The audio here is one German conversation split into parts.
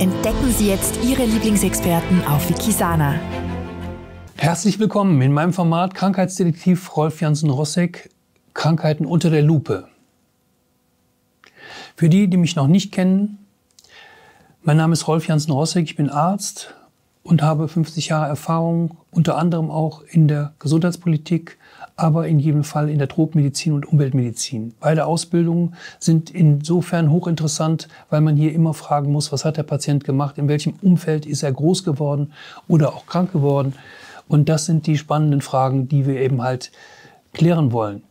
Entdecken Sie jetzt Ihre Lieblingsexperten auf Wikisana. Herzlich willkommen in meinem Format Krankheitsdetektiv Rolf Jansen rossek Krankheiten unter der Lupe. Für die, die mich noch nicht kennen, mein Name ist Rolf Jansen rossek ich bin Arzt und habe 50 Jahre Erfahrung, unter anderem auch in der Gesundheitspolitik, aber in jedem Fall in der Tropmedizin und Umweltmedizin. Beide Ausbildungen sind insofern hochinteressant, weil man hier immer fragen muss, was hat der Patient gemacht, in welchem Umfeld ist er groß geworden oder auch krank geworden. Und das sind die spannenden Fragen, die wir eben halt klären wollen.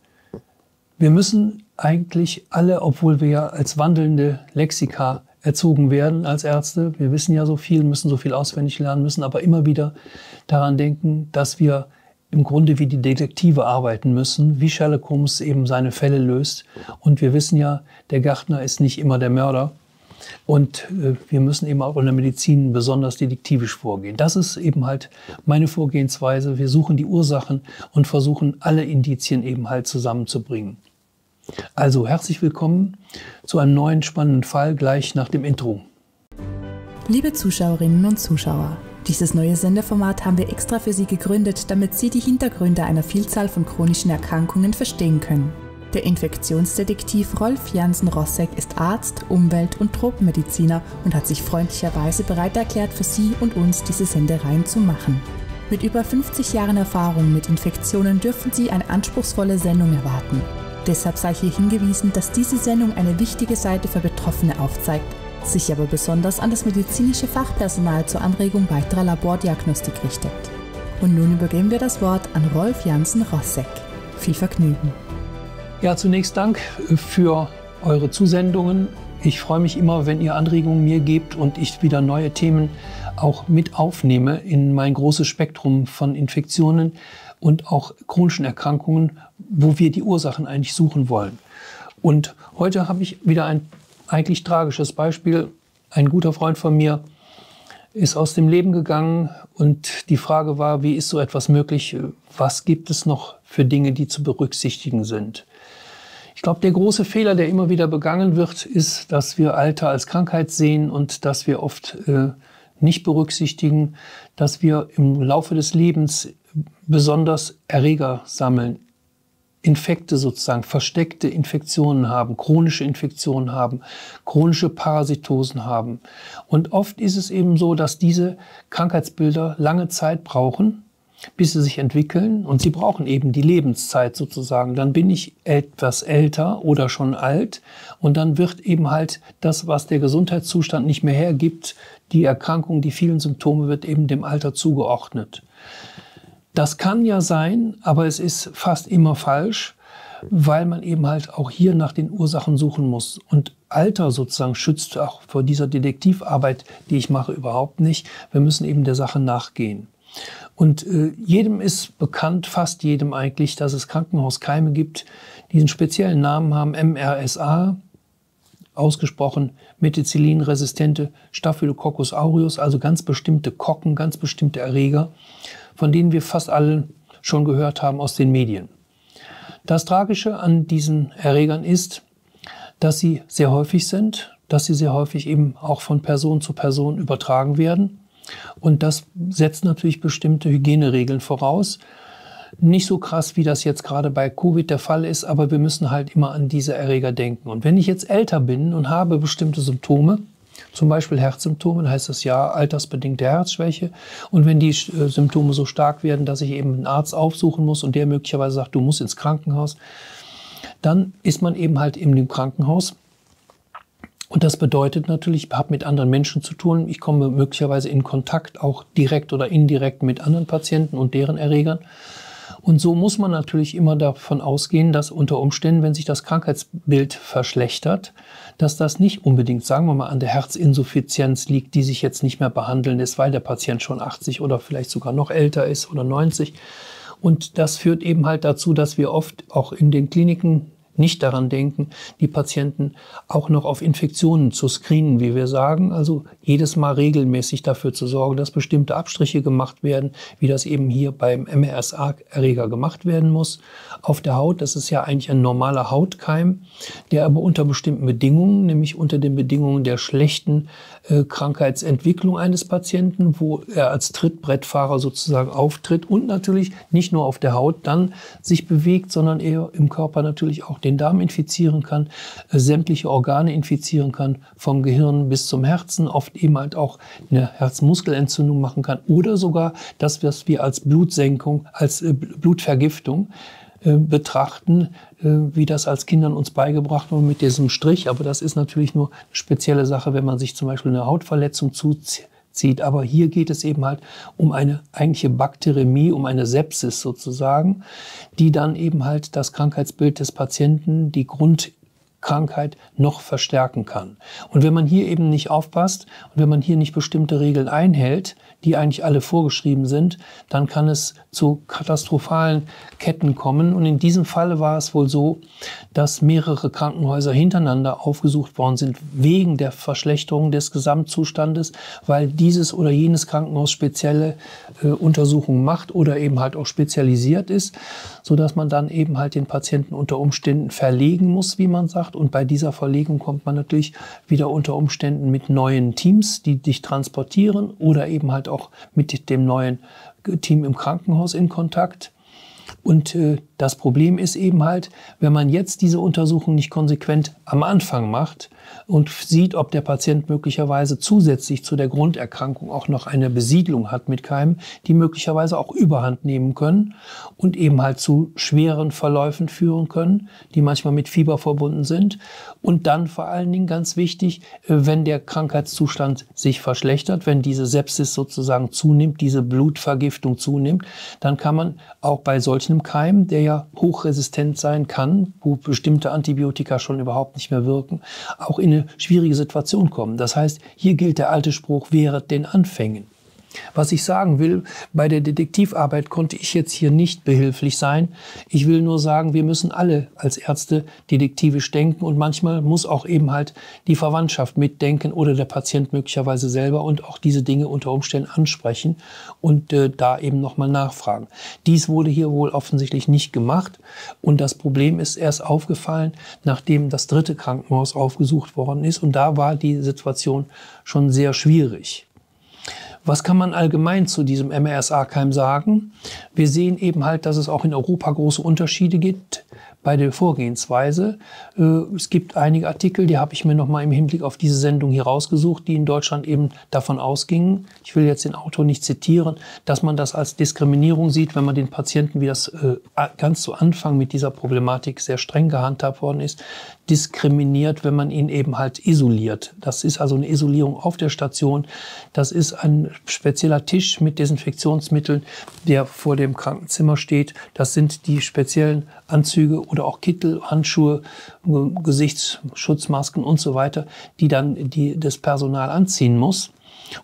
Wir müssen eigentlich alle, obwohl wir ja als wandelnde Lexika erzogen werden als Ärzte, wir wissen ja so viel, müssen so viel auswendig lernen, müssen aber immer wieder daran denken, dass wir im Grunde wie die Detektive arbeiten müssen, wie Sherlock Holmes eben seine Fälle löst. Und wir wissen ja, der Gärtner ist nicht immer der Mörder. Und äh, wir müssen eben auch in der Medizin besonders detektivisch vorgehen. Das ist eben halt meine Vorgehensweise. Wir suchen die Ursachen und versuchen alle Indizien eben halt zusammenzubringen. Also herzlich willkommen zu einem neuen spannenden Fall gleich nach dem Intro. Liebe Zuschauerinnen und Zuschauer, dieses neue Sendeformat haben wir extra für Sie gegründet, damit Sie die Hintergründe einer Vielzahl von chronischen Erkrankungen verstehen können. Der Infektionsdetektiv Rolf Jansen Rossek ist Arzt, Umwelt- und Tropenmediziner und hat sich freundlicherweise bereit erklärt, für Sie und uns diese Sendereien zu machen. Mit über 50 Jahren Erfahrung mit Infektionen dürfen Sie eine anspruchsvolle Sendung erwarten. Deshalb sei hier hingewiesen, dass diese Sendung eine wichtige Seite für Betroffene aufzeigt, sich aber besonders an das medizinische Fachpersonal zur Anregung weiterer Labordiagnostik richtet. Und nun übergeben wir das Wort an Rolf Jansen Rossek. Viel Vergnügen. Ja, zunächst Dank für eure Zusendungen. Ich freue mich immer, wenn ihr Anregungen mir gebt und ich wieder neue Themen auch mit aufnehme in mein großes Spektrum von Infektionen und auch chronischen Erkrankungen, wo wir die Ursachen eigentlich suchen wollen. Und heute habe ich wieder ein eigentlich tragisches Beispiel. Ein guter Freund von mir ist aus dem Leben gegangen und die Frage war, wie ist so etwas möglich? Was gibt es noch für Dinge, die zu berücksichtigen sind? Ich glaube, der große Fehler, der immer wieder begangen wird, ist, dass wir Alter als Krankheit sehen und dass wir oft äh, nicht berücksichtigen, dass wir im Laufe des Lebens besonders Erreger sammeln, Infekte sozusagen, versteckte Infektionen haben, chronische Infektionen haben, chronische Parasitosen haben. Und oft ist es eben so, dass diese Krankheitsbilder lange Zeit brauchen, bis sie sich entwickeln und sie brauchen eben die Lebenszeit sozusagen. Dann bin ich etwas älter oder schon alt und dann wird eben halt das, was der Gesundheitszustand nicht mehr hergibt, die Erkrankung, die vielen Symptome wird eben dem Alter zugeordnet. Das kann ja sein, aber es ist fast immer falsch, weil man eben halt auch hier nach den Ursachen suchen muss. Und Alter sozusagen schützt auch vor dieser Detektivarbeit, die ich mache, überhaupt nicht. Wir müssen eben der Sache nachgehen. Und äh, jedem ist bekannt, fast jedem eigentlich, dass es Krankenhauskeime gibt, die einen speziellen Namen haben, MRSA, ausgesprochen methicillinresistente Staphylococcus aureus, also ganz bestimmte Kocken, ganz bestimmte Erreger von denen wir fast alle schon gehört haben aus den Medien. Das Tragische an diesen Erregern ist, dass sie sehr häufig sind, dass sie sehr häufig eben auch von Person zu Person übertragen werden. Und das setzt natürlich bestimmte Hygieneregeln voraus. Nicht so krass, wie das jetzt gerade bei Covid der Fall ist, aber wir müssen halt immer an diese Erreger denken. Und wenn ich jetzt älter bin und habe bestimmte Symptome, zum Beispiel Herzsymptomen heißt es ja altersbedingte Herzschwäche. Und wenn die äh, Symptome so stark werden, dass ich eben einen Arzt aufsuchen muss und der möglicherweise sagt, du musst ins Krankenhaus, dann ist man eben halt in dem Krankenhaus. Und das bedeutet natürlich, ich habe mit anderen Menschen zu tun. Ich komme möglicherweise in Kontakt auch direkt oder indirekt mit anderen Patienten und deren Erregern. Und so muss man natürlich immer davon ausgehen, dass unter Umständen, wenn sich das Krankheitsbild verschlechtert, dass das nicht unbedingt, sagen wir mal, an der Herzinsuffizienz liegt, die sich jetzt nicht mehr behandeln ist, weil der Patient schon 80 oder vielleicht sogar noch älter ist oder 90. Und das führt eben halt dazu, dass wir oft auch in den Kliniken nicht daran denken, die Patienten auch noch auf Infektionen zu screenen, wie wir sagen. Also jedes Mal regelmäßig dafür zu sorgen, dass bestimmte Abstriche gemacht werden, wie das eben hier beim MRSA-Erreger gemacht werden muss. Auf der Haut, das ist ja eigentlich ein normaler Hautkeim, der aber unter bestimmten Bedingungen, nämlich unter den Bedingungen der schlechten äh, Krankheitsentwicklung eines Patienten, wo er als Trittbrettfahrer sozusagen auftritt und natürlich nicht nur auf der Haut dann sich bewegt, sondern eher im Körper natürlich auch den den Darm infizieren kann, äh, sämtliche Organe infizieren kann, vom Gehirn bis zum Herzen, oft eben halt auch eine Herzmuskelentzündung machen kann oder sogar das, was wir als Blutsenkung, als äh, Blutvergiftung äh, betrachten, wie das als Kindern uns beigebracht wurde mit diesem Strich. Aber das ist natürlich nur eine spezielle Sache, wenn man sich zum Beispiel eine Hautverletzung zuzieht zieht. Aber hier geht es eben halt um eine eigentliche Bakteriämie, um eine Sepsis sozusagen, die dann eben halt das Krankheitsbild des Patienten, die Grund Krankheit noch verstärken kann. Und wenn man hier eben nicht aufpasst und wenn man hier nicht bestimmte Regeln einhält, die eigentlich alle vorgeschrieben sind, dann kann es zu katastrophalen Ketten kommen. Und in diesem Falle war es wohl so, dass mehrere Krankenhäuser hintereinander aufgesucht worden sind wegen der Verschlechterung des Gesamtzustandes, weil dieses oder jenes Krankenhaus spezielle äh, Untersuchungen macht oder eben halt auch spezialisiert ist, sodass man dann eben halt den Patienten unter Umständen verlegen muss, wie man sagt und bei dieser Verlegung kommt man natürlich wieder unter Umständen mit neuen Teams, die dich transportieren oder eben halt auch mit dem neuen Team im Krankenhaus in Kontakt. Und äh, das Problem ist eben halt, wenn man jetzt diese Untersuchung nicht konsequent am Anfang macht und sieht, ob der Patient möglicherweise zusätzlich zu der Grunderkrankung auch noch eine Besiedlung hat mit Keimen, die möglicherweise auch überhand nehmen können und eben halt zu schweren Verläufen führen können, die manchmal mit Fieber verbunden sind. Und dann vor allen Dingen ganz wichtig, äh, wenn der Krankheitszustand sich verschlechtert, wenn diese Sepsis sozusagen zunimmt, diese Blutvergiftung zunimmt, dann kann man auch bei solchem Keim, der ja sehr hochresistent sein kann, wo bestimmte Antibiotika schon überhaupt nicht mehr wirken, auch in eine schwierige Situation kommen. Das heißt, hier gilt der alte Spruch, wehret den Anfängen. Was ich sagen will, bei der Detektivarbeit konnte ich jetzt hier nicht behilflich sein. Ich will nur sagen, wir müssen alle als Ärzte detektivisch denken und manchmal muss auch eben halt die Verwandtschaft mitdenken oder der Patient möglicherweise selber und auch diese Dinge unter Umständen ansprechen und äh, da eben nochmal nachfragen. Dies wurde hier wohl offensichtlich nicht gemacht und das Problem ist erst aufgefallen, nachdem das dritte Krankenhaus aufgesucht worden ist und da war die Situation schon sehr schwierig. Was kann man allgemein zu diesem MRSA-Keim sagen? Wir sehen eben halt, dass es auch in Europa große Unterschiede gibt bei der Vorgehensweise. Äh, es gibt einige Artikel, die habe ich mir nochmal im Hinblick auf diese Sendung hier rausgesucht, die in Deutschland eben davon ausgingen, ich will jetzt den Autor nicht zitieren, dass man das als Diskriminierung sieht, wenn man den Patienten, wie das äh, ganz zu Anfang mit dieser Problematik sehr streng gehandhabt worden ist, diskriminiert, wenn man ihn eben halt isoliert. Das ist also eine Isolierung auf der Station. Das ist ein spezieller Tisch mit Desinfektionsmitteln, der vor dem Krankenzimmer steht. Das sind die speziellen Anzüge oder auch Kittel, Handschuhe, Gesichtsschutzmasken und so weiter, die dann die, das Personal anziehen muss.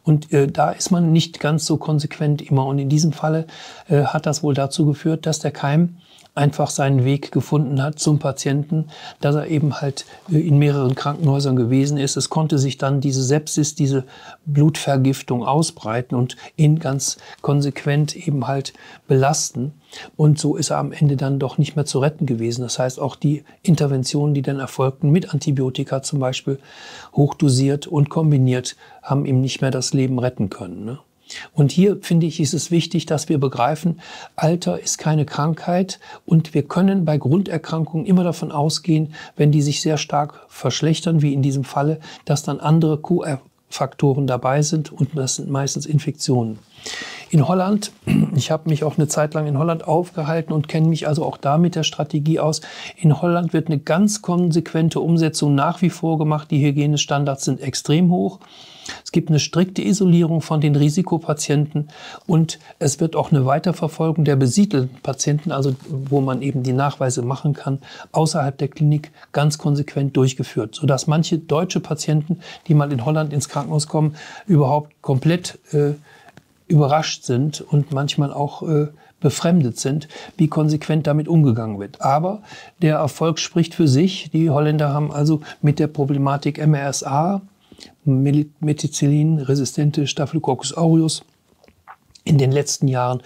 Und äh, da ist man nicht ganz so konsequent immer. Und in diesem Falle äh, hat das wohl dazu geführt, dass der Keim einfach seinen Weg gefunden hat zum Patienten, dass er eben halt äh, in mehreren Krankenhäusern gewesen ist. Es konnte sich dann diese Sepsis, diese Blutvergiftung ausbreiten und ihn ganz konsequent eben halt belasten. Und so ist er am Ende dann doch nicht mehr zu retten gewesen. Das heißt, auch die Interventionen, die dann erfolgten mit Antibiotika zum Beispiel, hochdosiert und kombiniert, haben ihm nicht mehr das Leben retten können. Ne? Und hier finde ich, ist es wichtig, dass wir begreifen, Alter ist keine Krankheit und wir können bei Grunderkrankungen immer davon ausgehen, wenn die sich sehr stark verschlechtern, wie in diesem Falle, dass dann andere Co-Faktoren dabei sind und das sind meistens Infektionen in Holland. Ich habe mich auch eine Zeit lang in Holland aufgehalten und kenne mich also auch da mit der Strategie aus. In Holland wird eine ganz konsequente Umsetzung nach wie vor gemacht. Die Hygienestandards sind extrem hoch. Es gibt eine strikte Isolierung von den Risikopatienten und es wird auch eine Weiterverfolgung der besiedelten Patienten, also wo man eben die Nachweise machen kann, außerhalb der Klinik ganz konsequent durchgeführt, sodass manche deutsche Patienten, die mal in Holland ins Krankenhaus kommen, überhaupt komplett äh, überrascht sind und manchmal auch äh, befremdet sind, wie konsequent damit umgegangen wird. Aber der Erfolg spricht für sich. Die Holländer haben also mit der Problematik MRSA, methicillin-resistente Staphylococcus aureus, in den letzten Jahren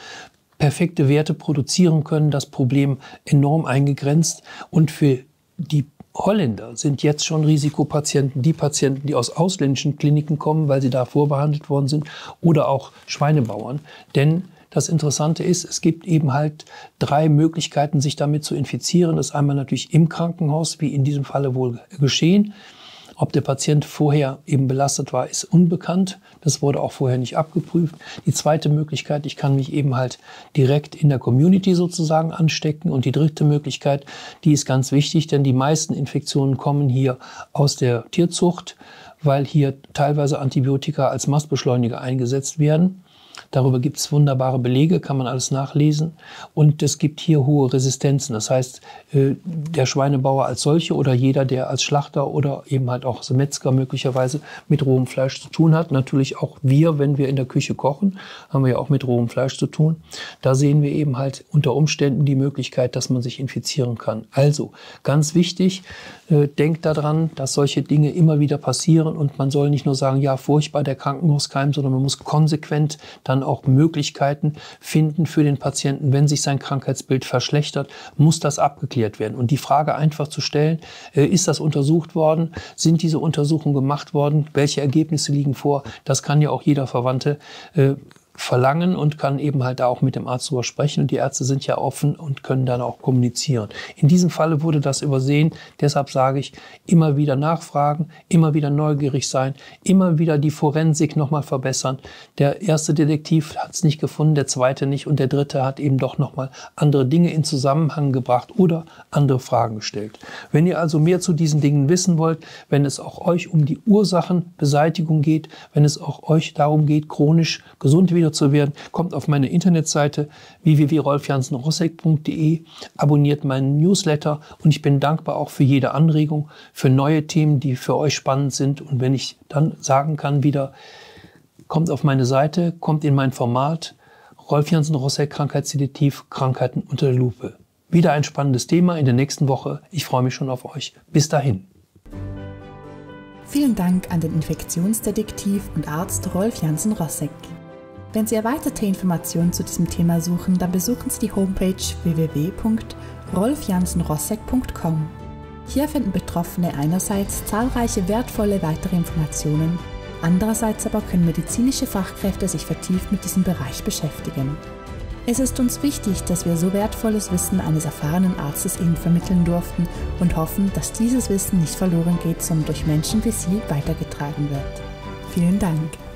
perfekte Werte produzieren können, das Problem enorm eingegrenzt und für die Holländer sind jetzt schon Risikopatienten, die Patienten, die aus ausländischen Kliniken kommen, weil sie da vorbehandelt worden sind, oder auch Schweinebauern. Denn das Interessante ist, es gibt eben halt drei Möglichkeiten, sich damit zu infizieren. Das ist einmal natürlich im Krankenhaus, wie in diesem Falle wohl geschehen. Ob der Patient vorher eben belastet war, ist unbekannt. Das wurde auch vorher nicht abgeprüft. Die zweite Möglichkeit, ich kann mich eben halt direkt in der Community sozusagen anstecken. Und die dritte Möglichkeit, die ist ganz wichtig, denn die meisten Infektionen kommen hier aus der Tierzucht, weil hier teilweise Antibiotika als Mastbeschleuniger eingesetzt werden. Darüber gibt es wunderbare Belege, kann man alles nachlesen. Und es gibt hier hohe Resistenzen. Das heißt, äh, der Schweinebauer als solche oder jeder, der als Schlachter oder eben halt auch als Metzger möglicherweise mit rohem Fleisch zu tun hat. Natürlich auch wir, wenn wir in der Küche kochen, haben wir ja auch mit rohem Fleisch zu tun. Da sehen wir eben halt unter Umständen die Möglichkeit, dass man sich infizieren kann. Also ganz wichtig, äh, denkt daran, dass solche Dinge immer wieder passieren und man soll nicht nur sagen, ja, furchtbar der Krankenhauskeim, sondern man muss konsequent dann auch Möglichkeiten finden für den Patienten, wenn sich sein Krankheitsbild verschlechtert, muss das abgeklärt werden. Und die Frage einfach zu stellen, äh, ist das untersucht worden? Sind diese Untersuchungen gemacht worden? Welche Ergebnisse liegen vor? Das kann ja auch jeder Verwandte äh, verlangen und kann eben halt da auch mit dem Arzt drüber sprechen. Und die Ärzte sind ja offen und können dann auch kommunizieren. In diesem Falle wurde das übersehen. Deshalb sage ich, immer wieder nachfragen, immer wieder neugierig sein, immer wieder die Forensik nochmal verbessern. Der erste Detektiv hat es nicht gefunden, der zweite nicht und der dritte hat eben doch nochmal andere Dinge in Zusammenhang gebracht oder andere Fragen gestellt. Wenn ihr also mehr zu diesen Dingen wissen wollt, wenn es auch euch um die Ursachenbeseitigung geht, wenn es auch euch darum geht, chronisch gesund wieder Redakteur zu werden, kommt auf meine Internetseite www.rolfjansenrossek.de, abonniert meinen Newsletter und ich bin dankbar auch für jede Anregung, für neue Themen, die für euch spannend sind. Und wenn ich dann sagen kann wieder, kommt auf meine Seite, kommt in mein Format, Rolf Jansen Rossek Krankheitsdetektiv Krankheiten unter der Lupe. Wieder ein spannendes Thema in der nächsten Woche. Ich freue mich schon auf euch. Bis dahin. Vielen Dank an den Infektionsdetektiv und Arzt Rolf Jansen Rossek. Wenn Sie erweiterte Informationen zu diesem Thema suchen, dann besuchen Sie die Homepage www.rolfjansenrossek.com. Hier finden Betroffene einerseits zahlreiche wertvolle weitere Informationen, andererseits aber können medizinische Fachkräfte sich vertieft mit diesem Bereich beschäftigen. Es ist uns wichtig, dass wir so wertvolles Wissen eines erfahrenen Arztes Ihnen vermitteln durften und hoffen, dass dieses Wissen nicht verloren geht, sondern durch Menschen wie Sie weitergetragen wird. Vielen Dank.